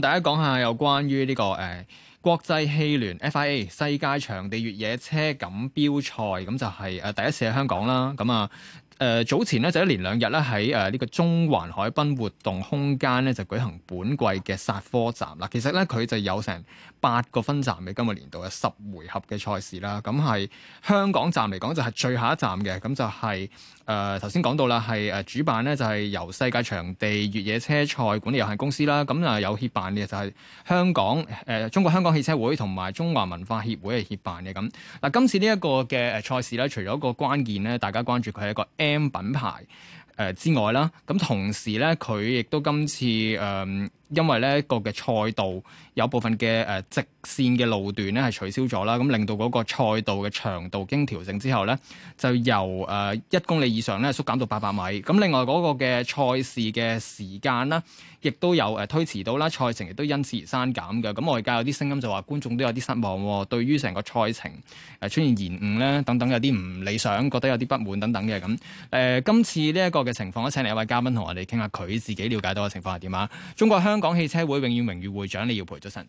大家講下有關於呢個誒國際汽聯 FIA 世界長途越野車錦標賽，咁就係誒第一次喺香港啦，咁啊～誒、呃、早前咧就一連兩日咧喺誒呢個、呃、中環海濱活動空間咧就舉行本季嘅殺科站啦。其實咧佢就有成八個分站嘅今個年度嘅十回合嘅賽事啦。咁係香港站嚟講就係最後一站嘅。咁就係誒頭先講到啦，係誒主辦呢，就係、是、由世界場地越野車賽管理有限公司啦。咁啊有協辦嘅就係香港誒、呃、中國香港汽車會同埋中華文化協會係協辦嘅。咁嗱、呃、今次呢一個嘅賽事咧，除咗個關鍵咧，大家關注佢係一個。M 品牌誒之外啦，咁同時咧，佢亦都今次誒。嗯因為咧、呢個嘅賽道有部分嘅誒、呃、直線嘅路段咧係取消咗啦，咁令到嗰個賽道嘅長度經調整之後咧，就由誒一、呃、公里以上咧縮減到八百米。咁另外嗰個嘅賽事嘅時間啦，亦都有誒、呃、推遲到啦，賽程亦都因此而刪減嘅。咁外界有啲聲音就話觀眾都有啲失望，對於成個賽程誒出現延誤咧等等有啲唔理想，覺得有啲不滿等等嘅。咁誒、呃、今次呢一個嘅情況，我請嚟一位嘉賓同我哋傾下佢自己了解到嘅情況係點啊？中國香香港汽車會永遠榮譽會長，李耀培早晨。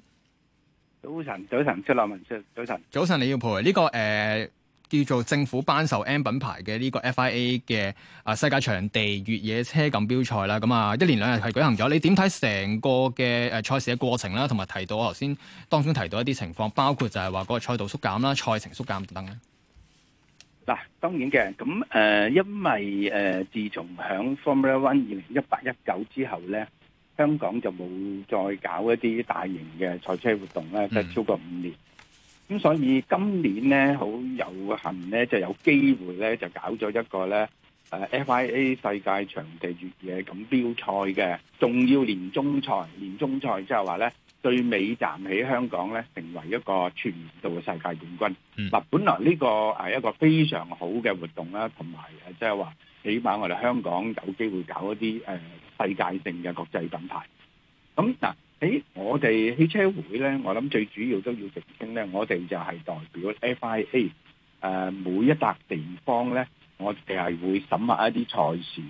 早晨，早晨，出納文 Sir 早晨，早晨，李耀培呢個誒、呃，叫做政府頒授 M 品牌嘅呢、這個 FIA 嘅啊、呃、世界場地越野車錦標賽啦。咁啊，一年兩日係舉行咗。你點睇成個嘅誒、呃、賽事嘅過程啦？同埋提到我頭先當中提到一啲情況，包括就係話嗰個賽道縮減啦、賽程縮減等等咧。嗱，當然嘅，咁誒、呃，因為誒、呃，自從響 Formula One 二零一八一九之後咧，香港就冇再搞一啲大型嘅賽車活動咧，即係超過五年。咁、嗯、所以今年咧好有幸咧，就有機會咧就搞咗一個咧，誒 FIA 世界場地越野錦標賽嘅仲要年終賽，年終賽即係話咧。最尾站喺香港咧，成為一個全年度嘅世界冠軍。嗱，本來呢個係一個非常好嘅活動啦，同埋即係話，起碼我哋香港有機會搞一啲誒世界性嘅國際品牌。咁嗱，誒我哋汽車會咧，我諗最主要都要澄清咧，我哋就係代表 FIA 誒每一笪地方咧，我哋係會審核一啲賽事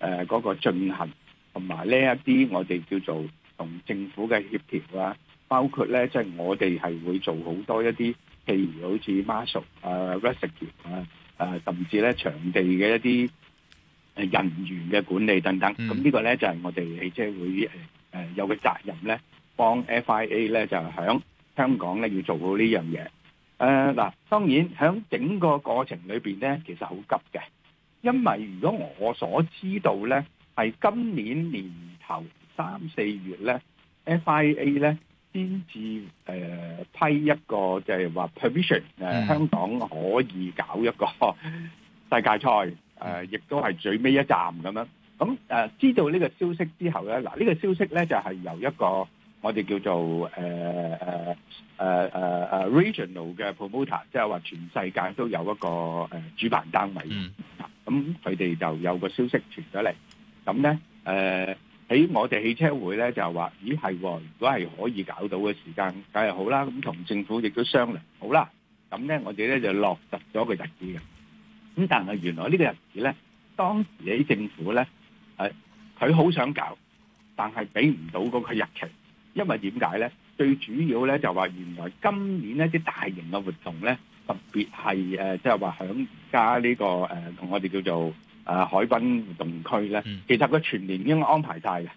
誒嗰個進行，同埋呢一啲我哋叫做。同政府嘅協調啊，包括咧，即係我哋係會做好多一啲，譬如好似 Marshal 啊、Rescue 啊，甚至咧場地嘅一啲人員嘅管理等等。咁、嗯、呢個咧就係我哋汽車會、呃、有嘅責任咧，幫 FIA 咧就係響香港咧要做到呢樣嘢。誒、呃、嗱，當然響整個過程裏面咧，其實好急嘅，因為如果我所知道咧，係今年年頭。三四月咧，FIA 咧先至誒批一個，就係話 permission 誒，香港可以搞一個世界賽誒，亦都係最尾一站咁樣。咁誒，知道呢個消息之後咧，嗱呢個消息咧就係由一個我哋叫做誒誒誒誒誒 regional 嘅 promoter，即係話全世界都有一個誒主辦單位，咁佢哋就有個消息傳咗嚟，咁咧誒。呃喺我哋汽車會咧就話：咦係，如果係可以搞到嘅時間，梗係好啦。咁同政府亦都商量好啦。咁咧，我哋咧就落實咗個日子嘅。咁但係原來呢個日子咧，當時喺政府咧係佢好想搞，但係俾唔到嗰個日期，因為點解咧？最主要咧就話原來今年呢啲大型嘅活動咧，特別係呃、即係話想加呢個、呃、同我哋叫做。誒、啊、海濱活動區咧、嗯，其實佢全年已經安排晒嘅，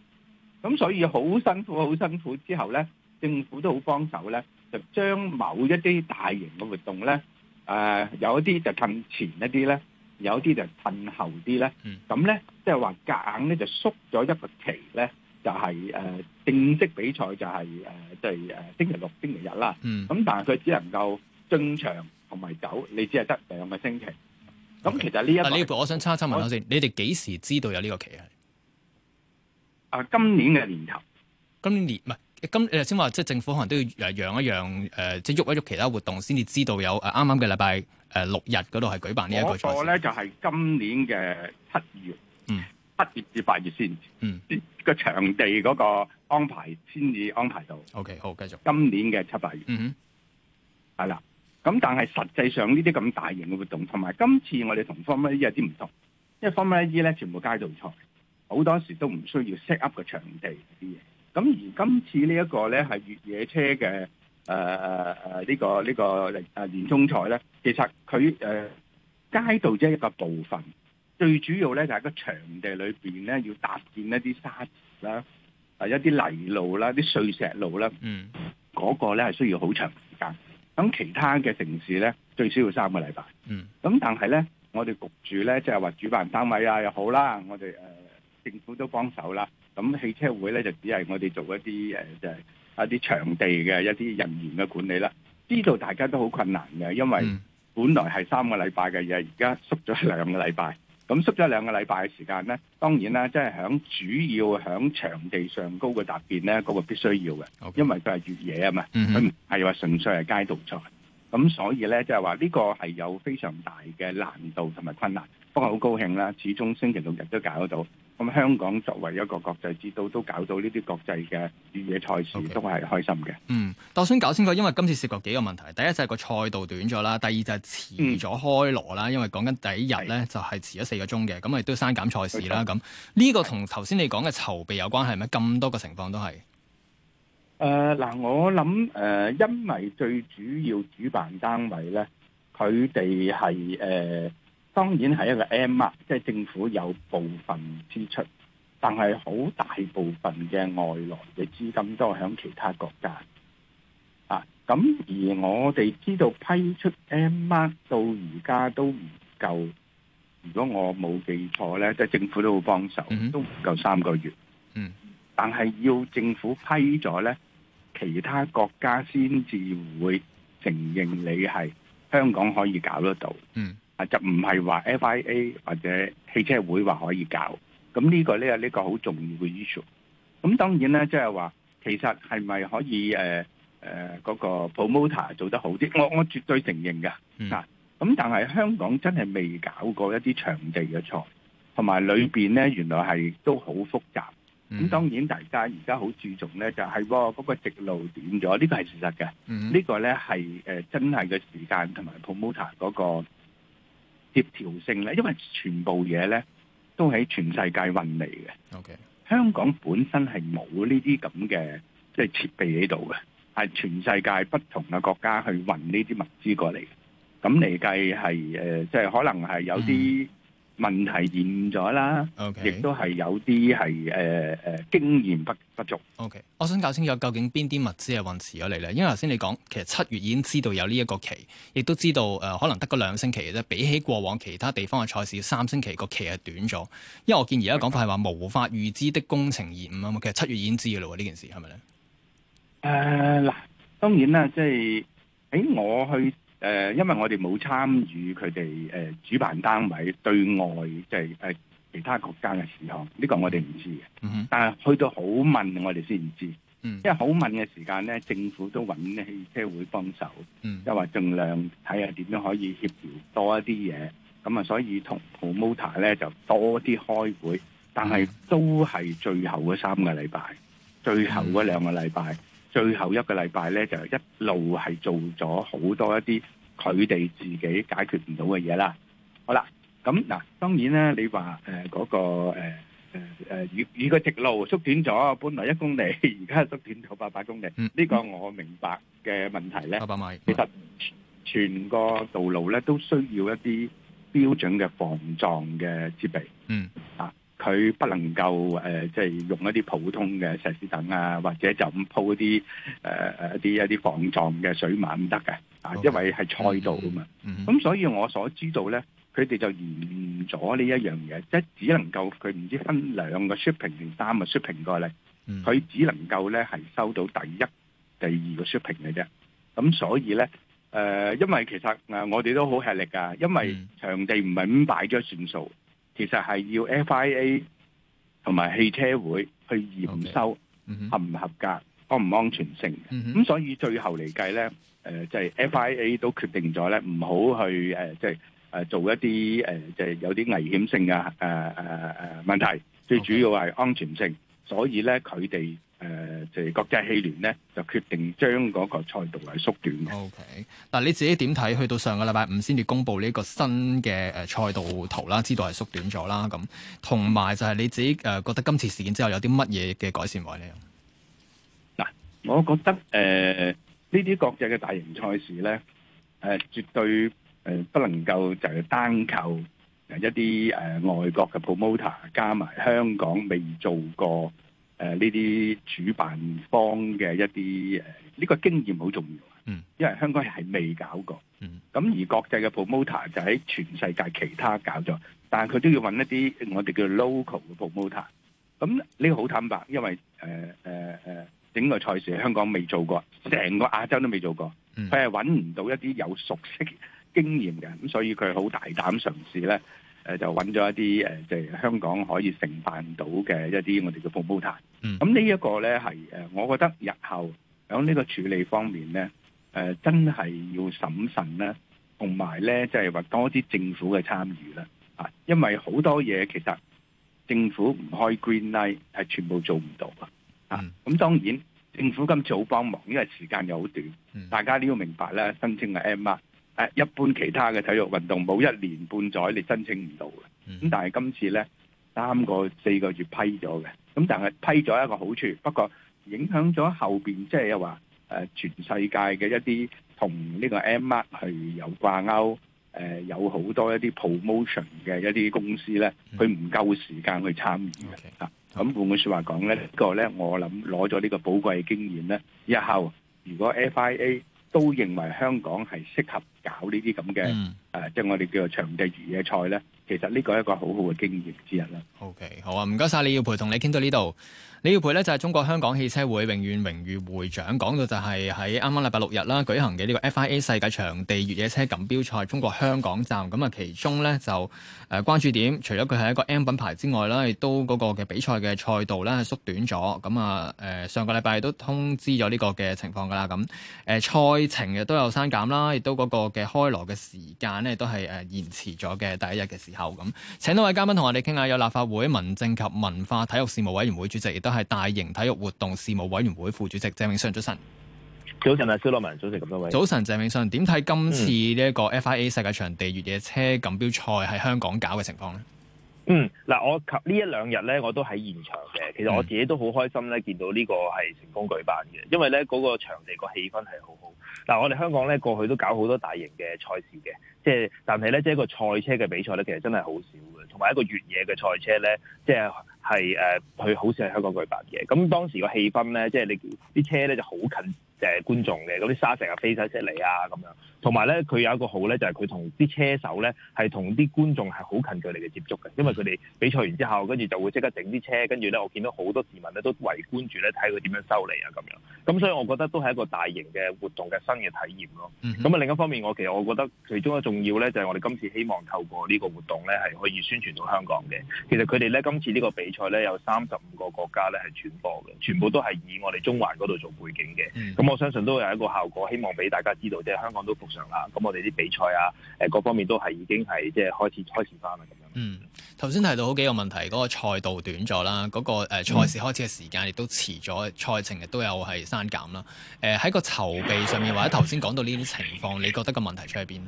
咁所以好辛苦，好辛苦之後咧，政府都好幫手咧，就將某一啲大型嘅活動咧，誒、呃、有一啲就近前一啲咧，有一啲就近後啲咧，咁咧即係話夾硬咧就縮咗一個期咧，就係誒正式比賽就係誒即係誒星期六、星期日啦，咁、嗯、但係佢只能夠進場同埋走，你只係得兩個星期。咁、okay, 其實呢一個、啊啊，我想差差問下先，你哋幾時知道有呢個期啊？啊，今年嘅年頭，今年年唔係今你頭先話，即係政府可能都要誒讓一讓誒，即係喐一喐其他活動，先至知道有啱啱嘅禮拜誒六日嗰度係舉辦這個、那個、呢一個賽我咧就係、是、今年嘅七月，嗯，七月至八月先，嗯，啲個場地嗰個安排先至安排到。OK，好，繼續今年嘅七八月，嗯哼，係啦。咁但係實際上呢啲咁大型嘅活動，同埋今次我哋同 Formula E 有啲唔同，因為 Formula E 咧全部街道賽，好多時都唔需要 set up 個場地啲嘢。咁而今次這呢一個咧係越野車嘅誒誒呢個呢個誒年終賽咧，其實佢誒、呃、街道只係一個部分，最主要咧就喺、是、個場地裏邊咧要搭建一啲沙池啦、啊一啲泥路啦、啲碎石路啦。嗯，嗰、那個咧係需要好長時間。咁其他嘅城市呢，最少要三個禮拜。咁、嗯、但係呢，我哋焗住呢，即係話主辦單位啊又好啦，我哋、呃、政府都幫手啦。咁汽車會呢，就只係我哋做一啲誒、呃，就係、是、一啲場地嘅一啲人員嘅管理啦。知道大家都好困難嘅，因為本來係三個禮拜嘅嘢，而家縮咗兩個禮拜。咁縮咗兩個禮拜嘅時間咧，當然啦，即係響主要響場地上高嘅突變咧，嗰、那個必須要嘅，因為佢係越野啊嘛，佢唔係話純粹係街道賽，咁所以咧，即係話呢、就是、個係有非常大嘅難度同埋困難，不過好高興啦，始終星期六日都搞得到。咁香港作為一個國際之都，都搞到呢啲國際嘅越野賽事都係開心嘅。Okay. 嗯，但我想搞清楚，因為今次涉及幾個問題。第一就係個賽道短咗啦，第二就係遲咗開鑼啦，嗯。因為講緊第一日咧，就係、是、遲咗四個鐘嘅，咁亦都刪減賽事啦。咁呢個同頭先你講嘅籌備有關係咩？咁多個情況都係。誒、呃、嗱、呃，我諗誒、呃，因為最主要主辦單位咧，佢哋係誒。呃當然係一個 M mark，即係政府有部分支出，但係好大部分嘅外來嘅資金都喺其他國家啊。咁而我哋知道批出 M mark 到而家都唔夠，如果我冇記錯咧，即係政府都會幫手，都唔夠三個月。嗯，但係要政府批咗咧，其他國家先至會承認你係香港可以搞得到。嗯。就唔係話 FIA 或者汽車會話可以搞，咁呢、這個咧係呢個好重要嘅 issue。咁當然咧，即係話其實係咪可以誒誒嗰個 promoter 做得好啲？我我絕對承認㗎，mm-hmm. 啊，咁但係香港真係未搞過一啲場地嘅賽，同埋裏邊呢、mm-hmm. 原來係都好複雜。咁當然大家而家好注重呢、就是，就係嗰個直路短咗，呢、這個係事實嘅。呢、mm-hmm. 個呢係誒真係嘅時間同埋 promoter 嗰、那個。協調性咧，因為全部嘢咧都喺全世界運嚟嘅。Okay. 香港本身係冇呢啲咁嘅即係設備喺度嘅，係全世界不同嘅國家去運呢啲物資過嚟。咁嚟計係誒，即、呃、係、即係、可能係有啲、嗯。問題現咗啦，亦，okay. 都係有啲係誒誒經驗不不足。OK，我想搞清楚究竟邊啲物資係運遲咗嚟咧？因為頭先你講其實七月已經知道有呢一個期，亦都知道誒，呃、可能得個兩星期啫。比起過往其他地方嘅賽事，三星期個期係短咗。因為我見而家講法係話無法預知的工程延誤啊嘛。其實七月已經知嘅啦喎，呢件事係咪咧？誒嗱，呃，當然啦，即係喺我去。誒、呃，因為我哋冇參與佢哋、呃、主辦單位對外即係、即係呃、其他國家嘅事項，呢、呢個我哋唔知嘅。Mm-hmm. 但係去到好問我，我哋先唔知。因為好問嘅時間呢，政府都揾汽車會幫手，即係、mm-hmm. 話盡量睇下點樣可以協調多一啲嘢。咁啊，所以同 promoter 呢就多啲開會，但係都係最後嗰三個禮拜，最後嗰兩個禮拜。Mm-hmm. 最後一個禮拜咧，就一路係做咗好多一啲佢哋自己解決唔到嘅嘢啦。好啦，咁嗱，當然咧，你話誒嗰個誒誒誒，如如果直路縮短咗，本來一公里，而家縮短到八百公里，呢個我明白嘅問題咧。八百米。其實全個道路咧都需要一啲標準嘅防撞嘅設備。嗯。啊。佢不能夠誒、呃，即係用一啲普通嘅石屎等啊，或者就咁鋪一啲誒誒一啲一啲防撞嘅水馬唔得嘅，啊，okay. 因為係賽道啊嘛。咁、嗯嗯、所以我所知道咧，佢哋就延誤咗呢一樣嘢，即係只能夠佢唔知分兩個 shipping 定三個 shipping 過嚟，佢、嗯、只能夠咧係收到第一、第二個 shipping 嘅啫。咁所以咧誒、呃，因為其實我哋都好吃力㗎，因為場地唔係咁大，咗算數。嗯其實係要 FIA 同埋汽車會去驗收，合唔合格，安唔安全性。咁所以最後嚟計呢，誒，即係 FIA 都決定咗呢，唔好去誒，即係誒做一啲誒，即係有啲危險性嘅，誒誒誒問題。最主要係安全性，所以呢佢哋。誒、呃，就係、是、國際汽聯咧，就決定將嗰個賽道係縮短嘅。O K，嗱你自己點睇？去到上個禮拜五先至公佈呢個新嘅誒、呃、賽道圖啦，知道係縮短咗啦。咁同埋就係你自己誒、呃、覺得今次事件之後有啲乜嘢嘅改善位呢嗱，我覺得誒呢啲國際嘅大型賽事咧、呃，絕對、呃、不能夠就係單靠一啲、呃、外國嘅 promoter 加埋香港未做過。誒呢啲主辦方嘅一啲誒呢個經驗好重要，因為香港係未搞過，咁、嗯、而國際嘅 promoter 就喺全世界其他搞咗，但佢都要搵一啲我哋叫 local 嘅 promoter、嗯。咁、這、呢個好坦白，因為誒誒、呃呃、整個賽事香港未做過，成個亞洲都未做過，佢係搵唔到一啲有熟悉經驗嘅，咁所以佢好大膽嘗試咧。就揾咗一啲誒，即、呃、係、就是、香港可以承辦到嘅一啲我哋叫 promoter。咁、嗯、呢一個咧係誒，我覺得日後響呢個處理方面咧，誒、呃、真係要審慎咧，同埋咧即係話多啲政府嘅參與啦。啊，因為好多嘢其實政府唔開 green light 係全部做唔到啊。啊，咁、嗯啊、當然政府今次好幫忙，因為時間又好短、嗯，大家都要明白啦。申請嘅 M 啊。誒一般其他嘅體育運動冇一年半載你申請唔到嘅，咁但係今次咧三個四個月批咗嘅，咁但係批咗一個好處，不過影響咗後邊即係又話誒全世界嘅一啲同呢個 M mark 係有掛鈎，誒有好多一啲 promotion 嘅一啲公司咧，佢唔夠時間去參與嘅。啊，咁換句説話講咧，呢個咧我諗攞咗呢個寶貴嘅經驗咧，日後如果 FIA 都認為香港係適合。搞呢啲咁嘅，誒、嗯，即、呃、係我哋叫做場地越野賽咧，其實呢個係一個好好嘅經驗之一啦。O、okay, K，好啊，唔該晒，你要陪同你傾到呢度。李耀培呢，就係、是、中國香港汽車會永遠榮譽會長，講到就係喺啱啱禮拜六日啦，舉行嘅呢個 FIA 世界場地越野車錦標賽中國香港站，咁啊其中呢，就誒關注點，除咗佢係一個 M 品牌之外啦，亦都嗰個嘅比賽嘅賽道啦係縮短咗，咁啊、呃、上個禮拜亦都通知咗呢個嘅情況噶啦，咁誒、呃、賽程亦都有刪減啦，亦都嗰個嘅開鑼嘅時間呢都係延遲咗嘅第一日嘅時候咁。請多位嘉賓同我哋傾下，有立法會民政及文化體育事務委員會主席亦都。係大型體育活動事務委員會副主席鄭泳舜早晨，早晨啊，肖樂文早晨,早晨，咁多位早晨，鄭泳舜點睇今次呢一個 FIA 世界場地越野車錦標賽喺香港搞嘅情況咧？嗯，嗱，我呢一兩日咧，我都喺現場嘅。其實我自己都好開心咧，見到呢個係成功舉辦嘅，因為咧嗰、那個場地個氣氛係好好。嗱，我哋香港咧過去都搞好多大型嘅賽事嘅，即係但係咧即係個賽車嘅比賽咧，其實真係好少嘅，同埋一個越野嘅賽車咧，即係。係誒，佢好似係香港舉辦嘅，咁當時個氣氛咧，即係你啲車咧就好近。誒，觀眾嘅嗰啲沙石啊，飛曬出嚟啊咁樣，同埋呢，佢有一個好呢，就係佢同啲車手呢，係同啲觀眾係好近距離嘅接觸嘅，因為佢哋比賽完之後，跟住就會即刻整啲車，跟住呢，我見到好多市民呢，都圍觀住呢，睇佢點樣修理啊咁樣，咁所以我覺得都係一個大型嘅活動嘅新嘅體驗咯。咁、mm-hmm. 啊另一方面，我其實我覺得其中一重要呢，就係我哋今次希望透過呢個活動呢，係可以宣傳到香港嘅。其實佢哋呢，今次呢個比賽呢，有三十五個國家呢，係傳播嘅，全部都係以我哋中環嗰度做背景嘅。Mm-hmm. 我相信都有一個效果，希望俾大家知道，即係香港都復常啦。咁我哋啲比賽啊，誒，各方面都係已經係即係開始開始翻啦咁樣。嗯，頭先提到好幾個問題，嗰、那個賽道短咗啦，嗰、那個誒賽事開始嘅時間亦都遲咗，賽、嗯、程亦都有係刪減啦。誒、呃，喺個籌備上面，或者頭先講到呢啲情況，你覺得個問題出喺邊？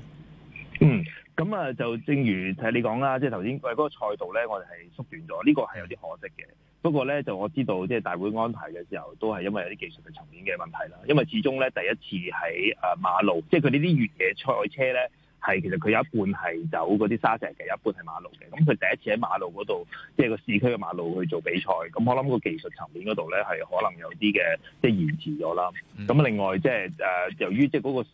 嗯。咁啊，就正如睇你講啦，即係頭先喂嗰個賽道咧，我哋係縮短咗，呢個係有啲可惜嘅。不過咧，就我知道，即係大會安排嘅時候，都係因為有啲技術嘅層面嘅問題啦。因為始終咧，第一次喺誒馬路，即係佢呢啲越野賽車咧。係，其實佢有一半係走嗰啲沙石嘅，一半係馬路嘅。咁佢第一次喺馬路嗰度，即係個市區嘅馬路去做比賽。咁我諗個技術層面嗰度咧，係可能有啲嘅，即係延遲咗啦。咁、嗯、另外即係誒，由於即係嗰個誒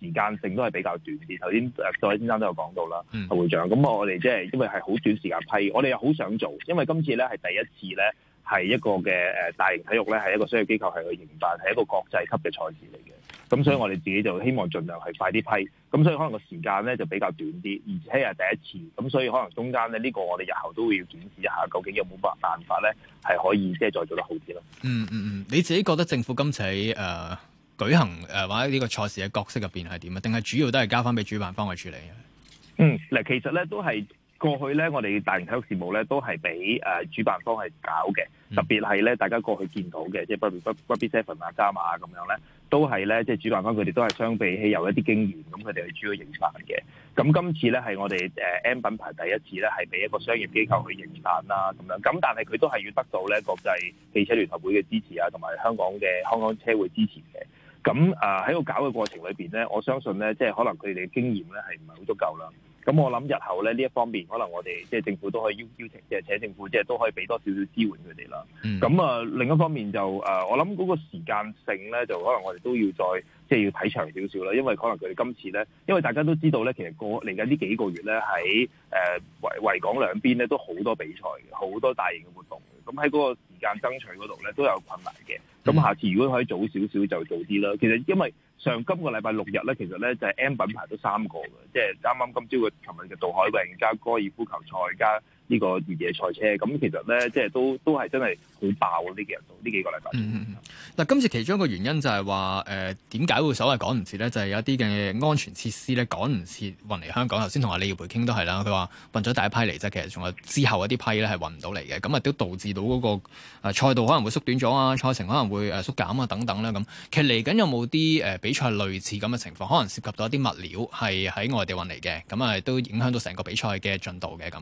時間性都係比較短啲。頭先各位先生都有講到啦，陳、嗯、會長。咁我哋即係因為係好短時間批，我哋又好想做，因為今次咧係第一次咧係一個嘅誒大型體育咧係一個商業機構係去營辦，係一個國際級嘅賽事嚟嘅。咁所以我哋自己就希望盡量係快啲批，咁所以可能個時間咧就比較短啲，而且係第一次，咁所以可能中間咧呢個我哋日後都會要檢視一下，究竟有冇乜辦法咧係可以即係再做得好啲咯。嗯嗯嗯，你自己覺得政府今次誒、呃、舉行、呃、或者呢個賽事嘅角色入邊係點啊？定係主要都係交翻俾主辦方去處理啊？嗯，嗱，其實咧都係。過去咧，我哋大型體育事務咧都係俾誒主辦方係搞嘅，特別係咧大家過去見到嘅，即係比如不 Rugby Seven 啊、加馬咁樣咧，都係咧即係主辦方佢哋都係相比起有一啲經驗，咁佢哋去主要營辦嘅。咁今次咧係我哋 M 品牌第一次咧係俾一個商業機構去營辦啦咁樣。咁但係佢都係要得到咧國際汽車聯合會嘅支持啊，同埋香港嘅香港車會支持嘅。咁啊喺個搞嘅過程裏面咧，我相信咧即係可能佢哋嘅經驗咧係唔係好足夠啦。咁我諗日後咧呢一方面，可能我哋即係政府都可以邀邀請，即係請政府即係都可以俾多少少支援佢哋啦。咁、mm. 啊、呃、另一方面就誒、呃，我諗嗰個時間性咧，就可能我哋都要再即係要睇長少少啦，因為可能佢哋今次咧，因為大家都知道咧，其實過嚟緊呢幾個月咧，喺誒、呃、維港兩邊咧都好多比賽嘅，好多大型嘅活動嘅，咁喺嗰個。間爭取嗰度咧都有困難嘅，咁下次如果可以早少少就早啲啦。其實因為上今個禮拜六日咧，其實咧就係 M 品牌都三個嘅，即係啱啱今朝嘅，琴日嘅渡海泳加高爾夫球賽加。呢、這個越野賽車咁其實咧，即係都都係真係好爆呢幾日到呢幾個禮拜、啊。嗱，嗯嗯、今次其中一個原因就係話誒點解會所謂趕唔切咧？就係、是、有一啲嘅安全設施咧趕唔切運嚟香港。頭先同阿李耀培傾都係啦，佢話運咗第一批嚟，即係其實仲有之後嗰啲批咧係運唔到嚟嘅。咁啊都導致到嗰、那個誒賽、呃、道可能會縮短咗啊，賽程可能會誒縮減啊等等啦。咁、嗯、其實嚟緊有冇啲誒比賽類似咁嘅情況？可能涉及到一啲物料係喺外地運嚟嘅，咁、嗯、啊都影響到成個比賽嘅進度嘅。咁、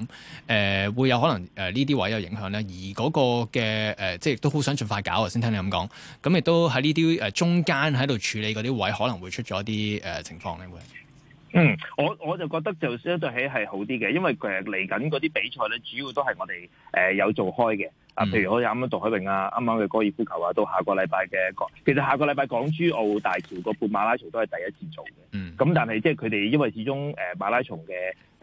嗯、誒。呃誒會有可能誒呢啲位有影響咧，而嗰個嘅誒，即係都好想盡快搞啊！先聽你咁講，咁亦都喺呢啲誒中間喺度處理嗰啲位，可能會出咗啲誒情況咧。會嗯，我我就覺得就相對起係好啲嘅，因為嚟緊嗰啲比賽咧，主要都係我哋誒、呃、有做開嘅啊。譬如我啱啱渡海泳啊，啱啱嘅高爾夫球啊，到下個禮拜嘅，其實下個禮拜港珠澳大橋個半馬拉松都係第一次做嘅。咁、嗯、但係即係佢哋因為始終誒、呃、馬拉松嘅。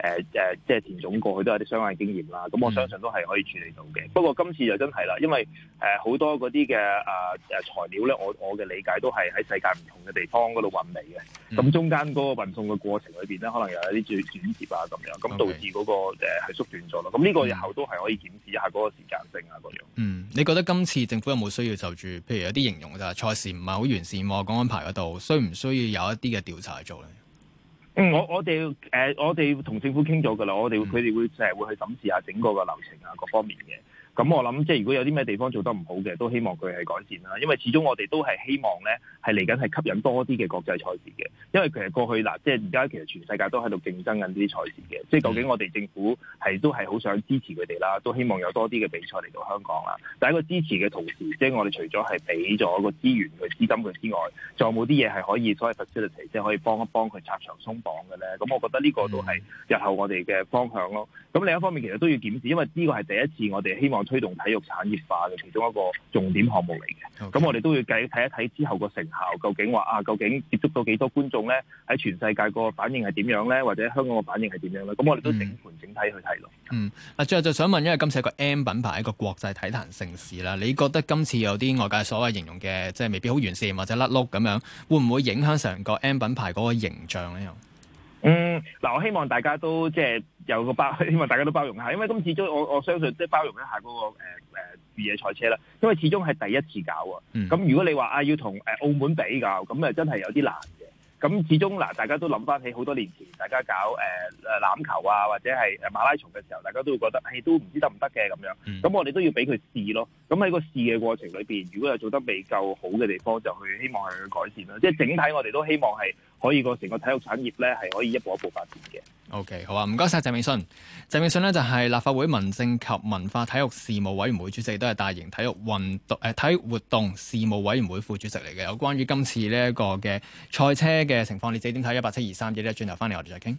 誒、呃、誒、呃，即係田總過去都有啲相關經驗啦，咁我相信都係可以處理到嘅、嗯。不過今次就真係啦，因為誒好、呃、多嗰啲嘅誒誒材料咧，我我嘅理解都係喺世界唔同嘅地方嗰度運嚟嘅。咁、嗯、中間嗰個運送嘅過程裏邊咧，可能又有啲最轉折啊咁樣，咁導致嗰、那個誒係縮短咗咯。咁呢個日後都係可以檢視一下嗰個時間性啊嗰樣。嗯，你覺得今次政府有冇需要就住，譬如有啲形容噶、就、咋、是？賽事唔係好完善，我講安排嗰度，需唔需要有一啲嘅調查做咧？嗯，我我哋誒、呃、我哋同政府傾咗㗎喇，我哋佢哋會誒、嗯、會去審視下整個個流程啊各方面嘅。咁我諗，即係如果有啲咩地方做得唔好嘅，都希望佢係改善啦。因為始終我哋都係希望咧，係嚟緊係吸引多啲嘅國際賽事嘅。因為其實過去嗱，即係而家其實全世界都喺度競爭緊呢啲賽事嘅。即係究竟我哋政府係都係好想支持佢哋啦，都希望有多啲嘅比賽嚟到香港啦。但一個支持嘅同時，即係我哋除咗係俾咗個資源、個資金佢之外，仲有冇啲嘢係可以所謂 facility，即係可以幫一幫佢拆牆鬆綁嘅咧？咁我覺得呢個都係日後我哋嘅方向咯。咁另一方面其實都要檢視，因為呢個係第一次我哋希望推動體育產業化嘅其中一個重點項目嚟嘅，咁我哋都要計睇一睇之後個成效究竟話啊，究竟接觸到幾多觀眾咧？喺全世界個反應係點樣咧？或者香港個反應係點樣咧？咁我哋都整盤整體去睇咯。嗯，啊，最後就想問，因為今次有一個 M 品牌一個國際體壇盛事啦，你覺得今次有啲外界所謂形容嘅，即係未必好完善或者甩碌咁樣，會唔會影響成個 M 品牌嗰個形象咧？嗯，嗱，我希望大家都即係有個包，希望大家都包容下，因為咁始終我我相信即係包容一下嗰、那個誒、呃呃、越野賽車啦，因為始終係第一次搞啊。咁、嗯、如果你話啊要同、呃、澳門比較，咁啊真係有啲難。咁始終嗱，大家都諗翻起好多年前，大家搞誒誒、欖球啊，或者係誒馬拉松嘅時候，大家都會覺得，嘿、哎，都唔知得唔得嘅咁樣。咁我哋都要俾佢試咯。咁喺個試嘅過程裏面，如果係做得未夠好嘅地方，就去希望係去改善啦。即係整體，我哋都希望係可以個成個體育產業咧，係可以一步一步發展嘅。O、okay, K，好啊，唔該晒。鄭泳舜。鄭泳舜呢就係、是、立法會民政及文化體育事務委員會主席，都係大型體育運動誒、呃、體育活動事務委員會副主席嚟嘅。有關於今次呢一個嘅賽車嘅情況，你自己點睇？一八七二三，之後轉頭翻嚟我哋再傾。